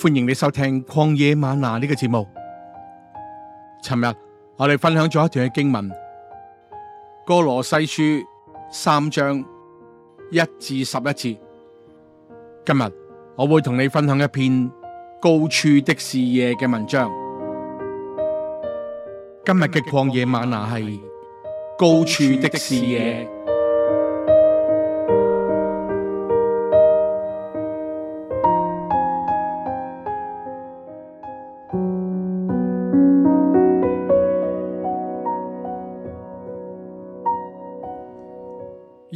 歡迎你收聽《曠野嗎哪》呢個節目。尋日我哋分享咗一段嘅經文《歌羅西書》三章一至十一節。今日我會同你分享一篇高處的視野嘅文章。今日嘅《曠野嗎哪》係高處的視野。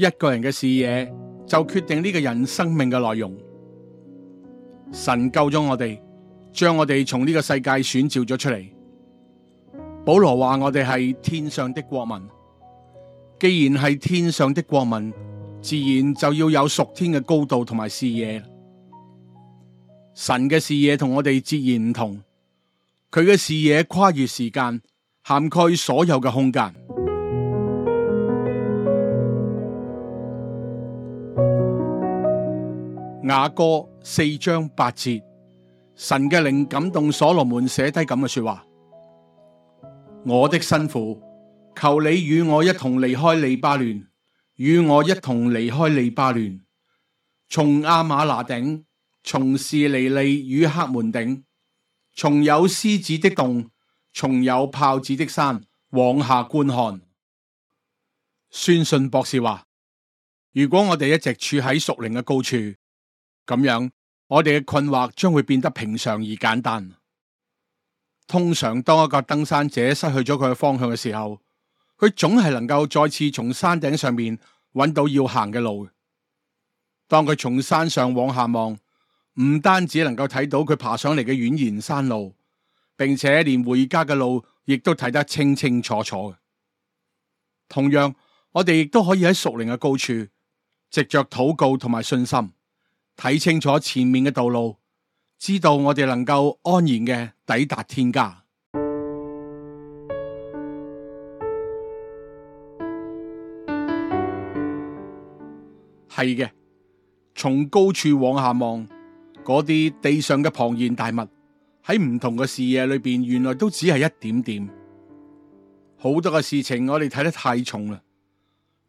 一個人嘅視野就決定呢個人生命嘅內容。神救咗我哋，將我哋從呢個世界選召咗出嚟。保羅話我哋係天上的國民，既然係天上的國民，自然就要有屬天嘅高度同埋視野。神嘅視野同我哋截然唔同，佢嘅視野跨越時間，涵蓋所有嘅空間。雅歌四章八節，神嘅靈感動所羅門寫低咁嘅說話：我的辛苦，求你與我一同離開利巴嫩，與我一同離開利巴嫩，從亞瑪拿頂，從士尼利與黑門頂，從有獅子的洞，從有豹子的山往下觀看。宣信博士話：如果我哋一直處喺屬靈嘅高處。咁樣，我哋嘅困惑將會變得平常而簡單。通常，當一個登山者失去咗佢嘅方向嘅時候，佢總係能夠再次從山頂上面揾到要行嘅路。當佢從山上往下望，唔單止能夠睇到佢爬上嚟嘅蜿蜒山路，並且連回家嘅路亦都睇得清清楚楚。同樣，我哋亦都可以喺屬靈嘅高處，藉着禱告同埋信心，睇清楚前面嘅道路，知道我哋能夠安然嘅抵達天家。係嘅， 從高處往下望，嗰啲地上嘅龐然大物，喺唔同嘅視野裏邊，原來都只係一點點。好多嘅事情我哋睇得太重啦，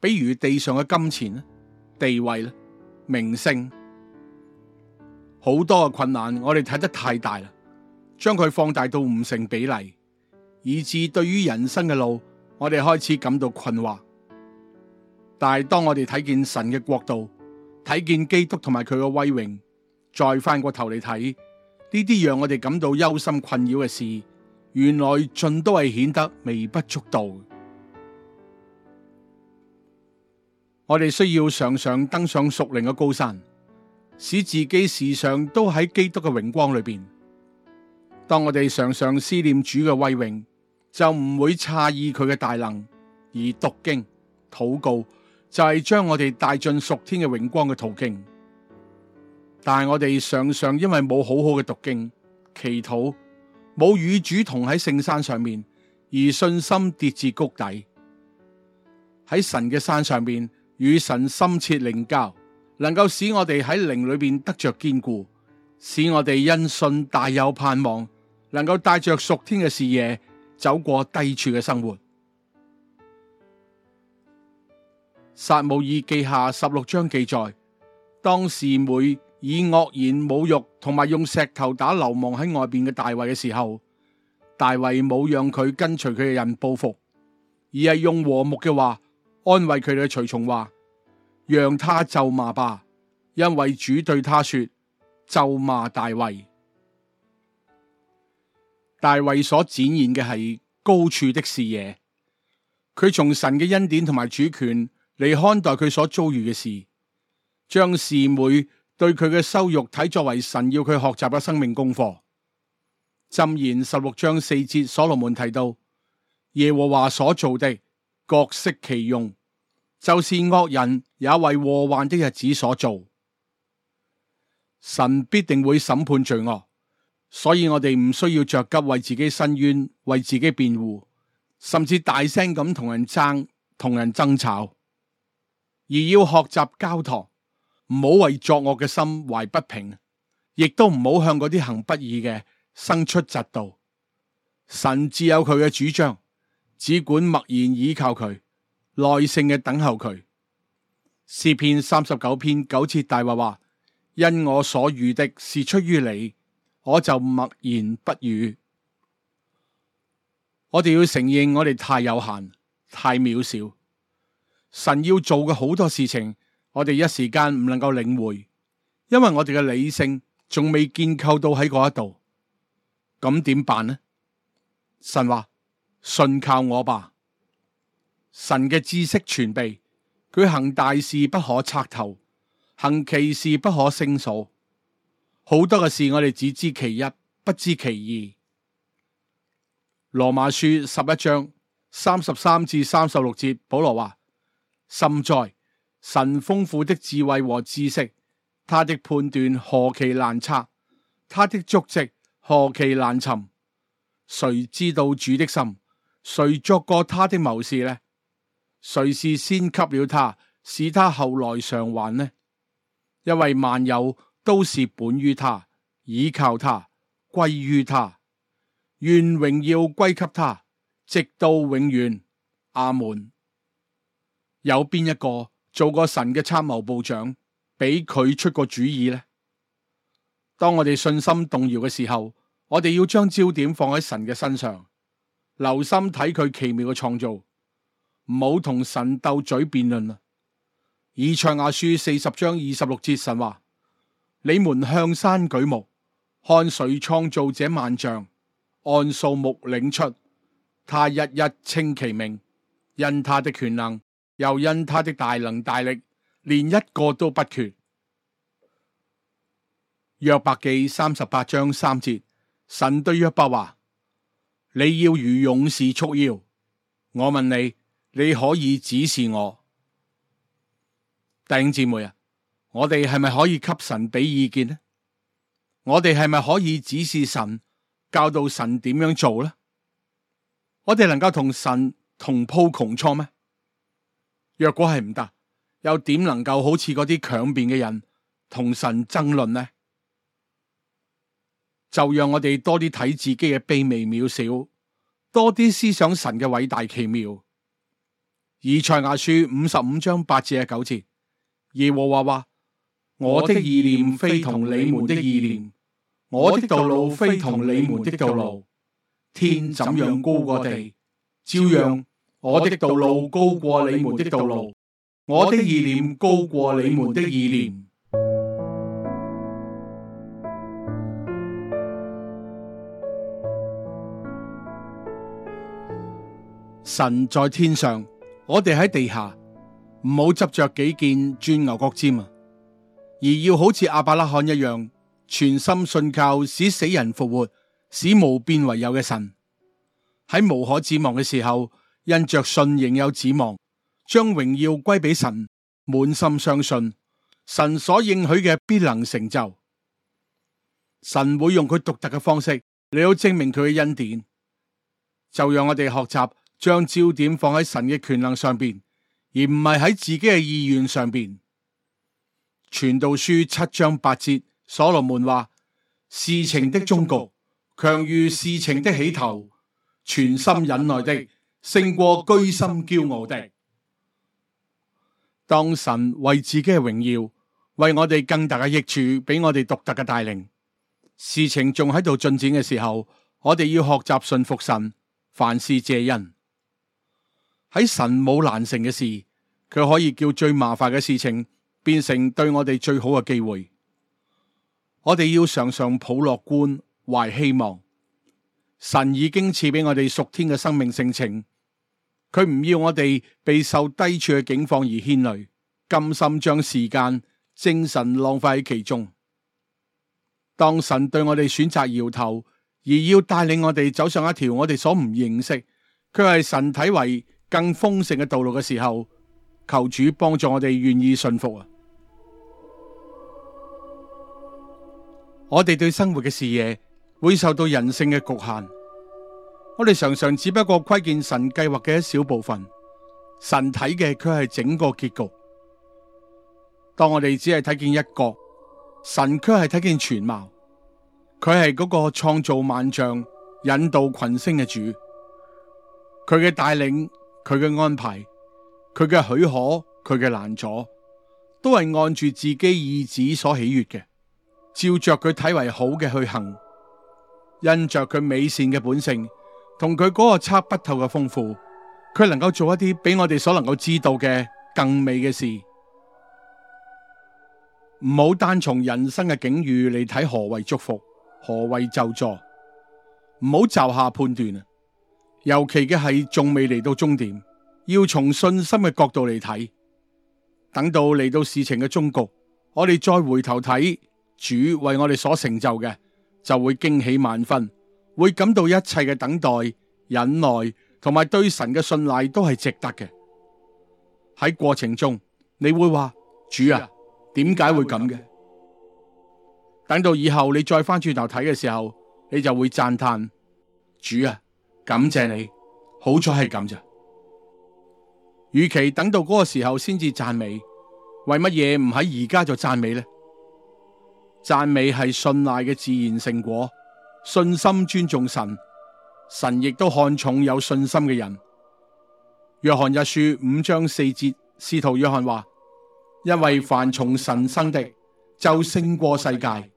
比如地上嘅金錢啦、地位啦、名聲。好多嘅困難，我哋睇得太大啦，將佢放大到唔成比例，以至對於人生嘅路，我哋開始感到困惑。但係當我哋睇見神嘅國度，睇見基督同埋佢嘅威榮，再翻過頭嚟睇呢啲讓我哋感到憂心困擾嘅事，原來盡都係顯得微不足道。我哋需要常常登上屬靈嘅高山。使自己時常都喺基督嘅榮光裏邊。當我哋常常思念主嘅威榮，就唔會詫異佢嘅大能。而讀經、禱告就係、是、將我哋帶進屬天嘅榮光嘅途徑。但係我哋常常因為冇好好嘅讀經、祈禱，冇與主同喺聖山上面，而信心跌至谷底。喺神嘅山上面，與神深切靈交，能夠使我哋喺靈裏邊得着堅固，使我哋因信大有盼望，能夠帶着屬天嘅視野走過低處嘅生活。撒母耳記下十六章記載，當時梅以惡言侮辱同埋用石頭打流亡喺外邊嘅大衛嘅時候，大衛冇讓佢跟隨佢嘅人報復，而係用和睦嘅話安慰佢哋嘅隨從話。讓他咒罵吧，因為主對他說：咒罵大衛。大衛所展現嘅係高處的視野，佢從神嘅恩典同埋主權嚟看待佢所遭遇嘅事，將示每對佢嘅羞辱睇作為神要佢學習嘅生命功課。箴言十六章四節，所羅門提到耶和華所造的各適其用，就是惡人。也為禍患的日子所做，神必定會審判罪惡，所以我哋唔需要着急為自己申冤，為自己辯護，甚至大聲咁同人爭，同人爭吵，而要學習交託，唔好為作惡嘅心懷不平，亦都唔好向嗰啲行不義嘅生出嫉妒。神自有佢嘅主張，只管默然倚靠佢，耐性嘅等候佢。詩篇三十九篇九節大話話：，因我所遇的是出於你，我就默言不語。我哋要承認，我哋太有限，太渺小。神要做嘅好多事情，我哋一時間唔能夠領會，因為我哋嘅理性仲未建構到喺嗰一度。咁點辦呢？神話，信靠我吧，神嘅知識全備。佢行大事不可測透，行其事不可勝數。好多嘅事我哋只知其一，不知其二。羅馬書十一章三十三至三十六節，保羅話：，深哉神豐富的智慧和知識，他的判斷何其難測，他的足迹何其難尋。誰知道主的心？誰作過他的謀士呢？誰是先給了他，使他後來償還呢？因為萬有都是本於他，倚靠他，歸於他，願榮耀歸給他，直到永遠。阿門。有邊一個做過神嘅參謀部長，俾佢出個主意呢？當我哋信心動搖嘅時候，我哋要將焦點放喺神嘅身上，留心睇佢奇妙嘅創造。唔好同神鬥嘴辯論啦。以賽亞書四十章二十六節，神話：你們向山舉目，看誰創造者萬象，按數目領出，他一一稱其名，因他的權能，又因他的大能大力，連一個都不缺。約伯記三十八章三節，神對約伯話：你要如勇士束腰，我問你。你可以指示我，弟兄姊妹啊，我哋係咪可以給神俾意見呢？我哋係咪可以指示神，教導神點樣做呢？我哋能夠同神同鋪窮錯咩？若果係唔得，又點能夠好似嗰啲強辯嘅人同神爭論呢？就讓我哋多啲睇自己嘅卑微渺小，多啲思想神嘅偉大奇妙。以賽亞書五十五章八至九節，耶和華話：我的意念非同你們的意念，我的道路非同你們的道路。天怎樣高過地，照樣我的道路高過你們的道路，我的意念高過你們的意念。神在天上。我哋喺地下唔好執着幾件鑽牛角尖啊，而要好似亞伯拉罕一樣全心信靠，使死人復活、使無變為有嘅神。喺無可指望嘅時候，因着信仍有指望，將榮耀歸俾神，滿心相信神所應許嘅必能成就。神會用佢獨特嘅方式嚟到證明佢嘅恩典，就讓我哋學習。將焦點放喺神嘅權能上邊，而唔係喺自己嘅意願上邊。傳道書七章八節，所羅門話：事情的終局強於事情的起頭，全心忍耐的勝過居心驕傲的。當神為自己嘅榮耀，為我哋更大嘅益處，俾我哋獨特嘅帶領，事情仲喺度進展嘅時候，我哋要學習信服神，凡事謝恩。喺神冇難成嘅事，佢可以叫最麻煩嘅事情變成對我哋最好嘅機會。我哋要常常抱樂觀、懷希望。神已經賜俾我哋屬天嘅生命性情，佢唔要我哋被受低處嘅境況而牽累，甘心將時間、精神浪費喺其中。當神對我哋選擇搖頭，而要帶領我哋走上一條我哋所唔認識，佢係神體為。更豐盛嘅道路嘅時候，求主幫助我哋願意信服啊！我哋對生活嘅視野會受到人性嘅局限，我哋常常只不過窺見神計劃嘅一小部分，神睇嘅卻係整個結局。當我哋只係睇見一角，神卻係睇見全貌，佢係嗰個創造萬象、引導群星嘅主，佢嘅帶領。佢嘅安排，佢嘅許可，佢嘅攔阻，都係按住自己意旨所喜悅嘅，照着佢睇為好嘅去行，因着佢美善嘅本性，同佢嗰個測不透嘅豐富，佢能夠做一啲比我哋所能夠知道嘅更美嘅事。唔好單從人生嘅境遇嚟睇何為祝福，何為咒詛，唔好就下判斷。尤其嘅係仲未嚟到終點，要從信心嘅角度嚟睇，等到嚟到事情嘅終局，我哋再回頭睇主為我哋所成就嘅，就會驚喜萬分，會感到一切嘅等待、忍耐同埋對神嘅信賴都係值得嘅。喺過程中你會話主啊，點解會咁嘅？這樣等到以後你再返轉頭睇嘅時候，你就會讚嘆主啊！感謝你，好彩係咁咋。與其等到嗰個時候先至讚美，為乜嘢唔喺而家就讚美呢？讚美係信賴嘅自然成果，信心尊重神，神亦都看重有信心嘅人。約翰一書五章四節，使徒約翰話：因為凡從神生的，就勝過世界，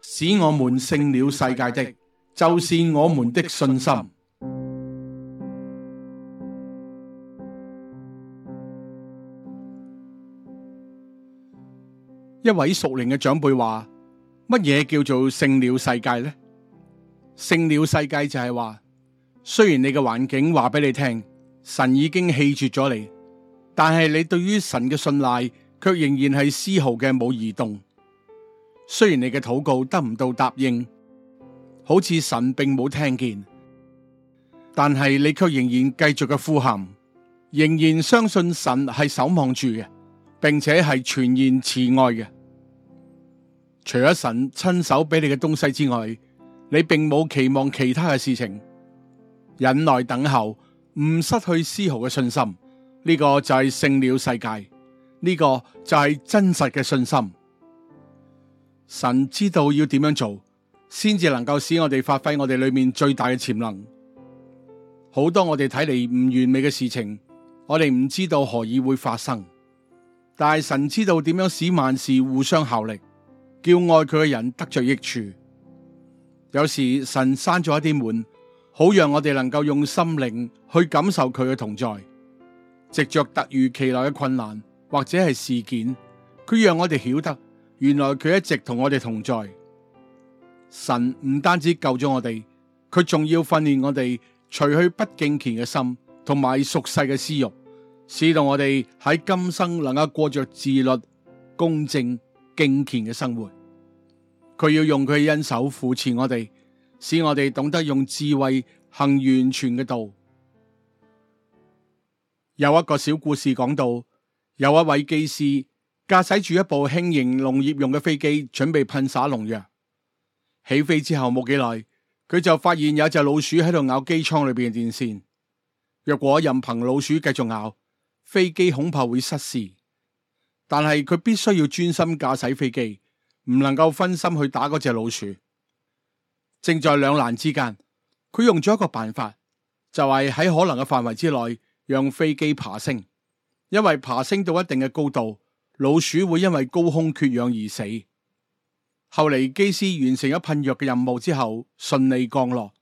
使我們勝了世界的，就是我們的信心。一位熟齡嘅長輩話：乜嘢叫做勝了世界呢？勝了世界就係話，雖然你嘅環境話俾你聽，神已經棄絕咗你，但係你對於神嘅信賴卻仍然係絲毫嘅冇移動。雖然你嘅禱告得唔到答應，好似神並冇聽見，但係你卻仍然繼續嘅呼喊，仍然相信神係守望住嘅，並且係全然慈愛嘅。除咗神親手俾你嘅東西之外，你並冇期望其他嘅事情。忍耐等候，唔失去絲毫嘅信心，呢、這個就係勝了世界，呢、這個就係真實嘅信心。神知道要點樣做，先至能夠使我哋發揮我哋裏面最大嘅潛能。好多我哋睇嚟唔完美嘅事情，我哋唔知道何以會發生，但係神知道點樣使萬事互相效力。叫愛佢嘅人得着益處，有時神閂咗一啲門，好讓我哋能夠用心靈去感受佢嘅同在。藉着突如其來嘅困難，或者係事件，佢讓我哋曉得原來佢一直同我哋同在。神唔單止救咗我哋，佢仲要訓練我哋除去不敬虔嘅心，同埋俗世嘅私欲，使到我哋喺今生能夠過着自律、公正、敬虔嘅生活。佢要用佢恩手扶持我哋，使我哋懂得用智慧行完全嘅道。有一個小故事講到，有一位機師駕駛住一部輕型農業用嘅飛機，準備噴灑農藥。起飛之後冇幾耐，佢就發現有隻老鼠喺度咬機艙裏邊嘅電線。若果任憑老鼠繼續咬，飛機恐怕會失事。但係佢必須要專心駕駛飛機。唔能夠分心去打嗰隻老鼠，正在兩難之間，佢用咗一個辦法，就係喺可能嘅範圍之內，讓飛機爬升，因為爬升到一定嘅高度，老鼠會因為高空缺氧而死。後嚟機師完成咗噴藥嘅任務之後，順利降落，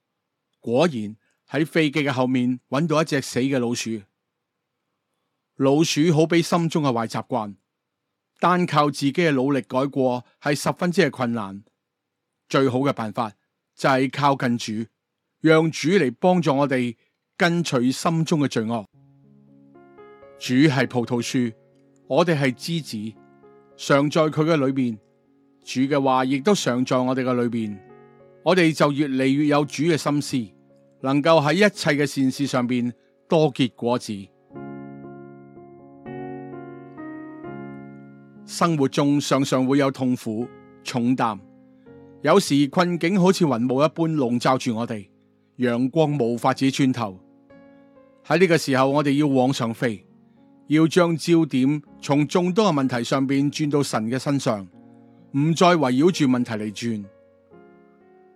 果然喺飛機嘅後面揾到一隻死嘅老鼠。老鼠好比心中嘅壞習慣。單靠自己嘅努力改過係十分之嘅困難，最好嘅辦法就係靠近主，讓主嚟幫助我哋根除心中嘅罪惡。主係葡萄樹，我哋係枝子，常在佢嘅裏面；主嘅話亦都常在我哋嘅裡面，我哋就越嚟越有主嘅心思，能夠喺一切嘅善事上面多結果子。生活中常常會有痛苦、重擔，有時困境好似雲霧一般籠罩住我哋，陽光無法子穿透。喺呢個時候，我哋要往上飛，要將焦點從眾多嘅問題上邊轉到神嘅身上，唔再圍繞住問題嚟轉。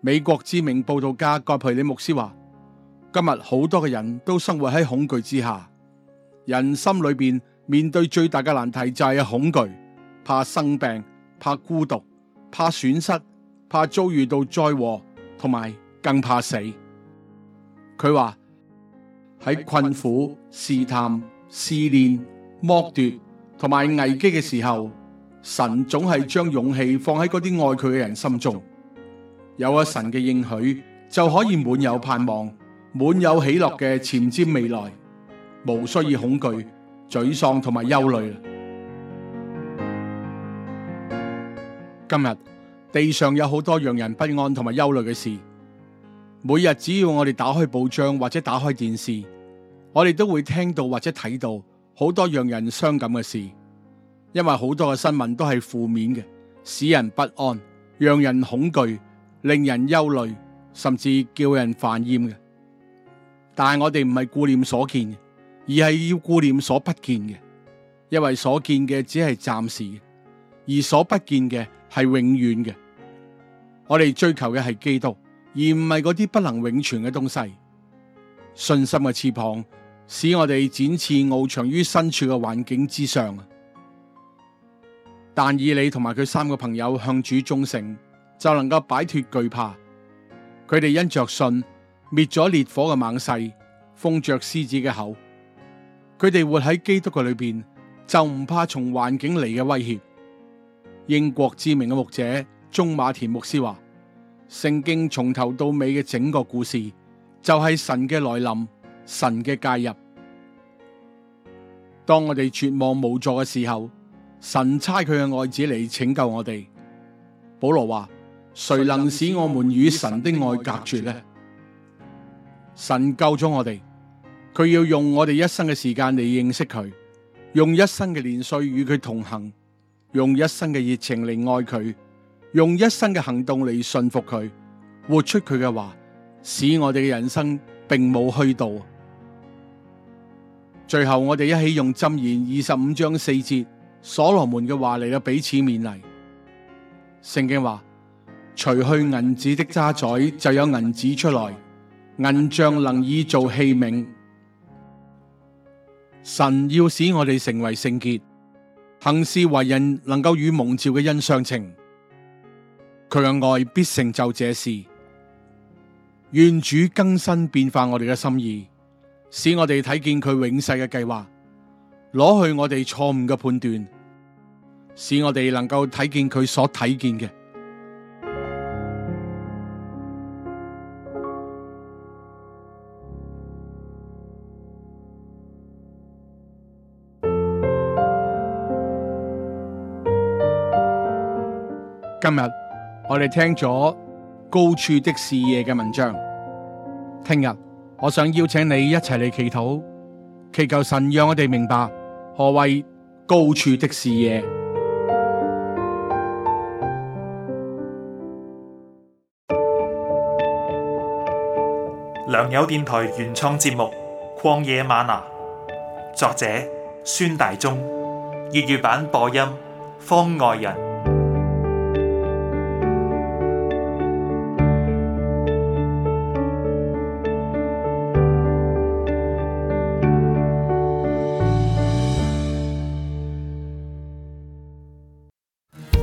美國知名報道家郭培里牧師話：今日好多嘅人都生活喺恐懼之下，人心裏邊面面對最大嘅難題就係恐懼。怕生病，怕孤獨，怕損失，怕遭遇到災禍，同埋更怕死。佢話喺困苦、試探、試煉、剝奪同埋危機嘅時候，神總係將勇氣放喺嗰啲愛佢嘅人心中。有咗神嘅應許，就可以滿有盼望、滿有喜樂嘅前瞻未來，無需要恐懼、沮喪同埋憂慮。今日地上有好多讓人不安同埋憂慮嘅事，每日只要我哋打開報章或者打開電視，我哋都會聽到或者睇到好多讓人傷感嘅事，因為好多嘅新聞都係負面嘅，使人不安、讓人恐懼、令人憂慮，甚至叫人煩厭嘅。但係我哋唔係顧念所見，而係要顧念所不見嘅，因為所見嘅只係暫時。而所不見嘅係永遠嘅，我哋追求嘅係基督，而唔係嗰啲不能永存嘅東西。信心嘅翅膀使我哋展翅翱翔於身處嘅環境之上。但以理同埋佢三個朋友向主忠誠，就能夠擺脫懼怕。佢哋因着信滅咗烈火嘅猛勢，封着獅子嘅口。佢哋活喺基督嘅裏邊，就唔怕從環境嚟嘅威脅。英國知名嘅牧者，中馬田牧師話，聖經從頭到尾嘅整個故事就係神嘅來臨，神嘅介入。當我哋絕望無助嘅時候，神差佢嘅愛子嚟拯救我哋。保羅話，誰能使我們與神的愛隔絕呢？神救咗我哋，佢要用我哋一生嘅時間嚟認識佢，用一生嘅年歲與佢同行。用一生嘅熱情嚟愛佢，用一生嘅行動嚟信服佢，活出佢嘅話，使我哋嘅人生並冇虛度。最後我哋一起用箴言二十五章四節，所羅門嘅話嚟到彼此勉勵。聖經話：除去銀子的渣滓，就有銀子出來。銀匠能以做器皿。神要使我哋成為聖潔。行事為人能夠與蒙召嘅恩相稱，佢嘅愛必成就這事。願主更新變化我哋嘅心意，使我哋睇見佢永世嘅計劃，攞去我哋錯誤嘅判斷，使我哋能夠睇見佢所睇見嘅。今日我哋聽咗高處的視野嘅文章，聽日我想邀請你一齊嚟祈禱，祈求神讓我哋明白何謂高處的視野。良友電台原創節目《曠野嗎哪》，作者孫大中，粵語版播音方外人。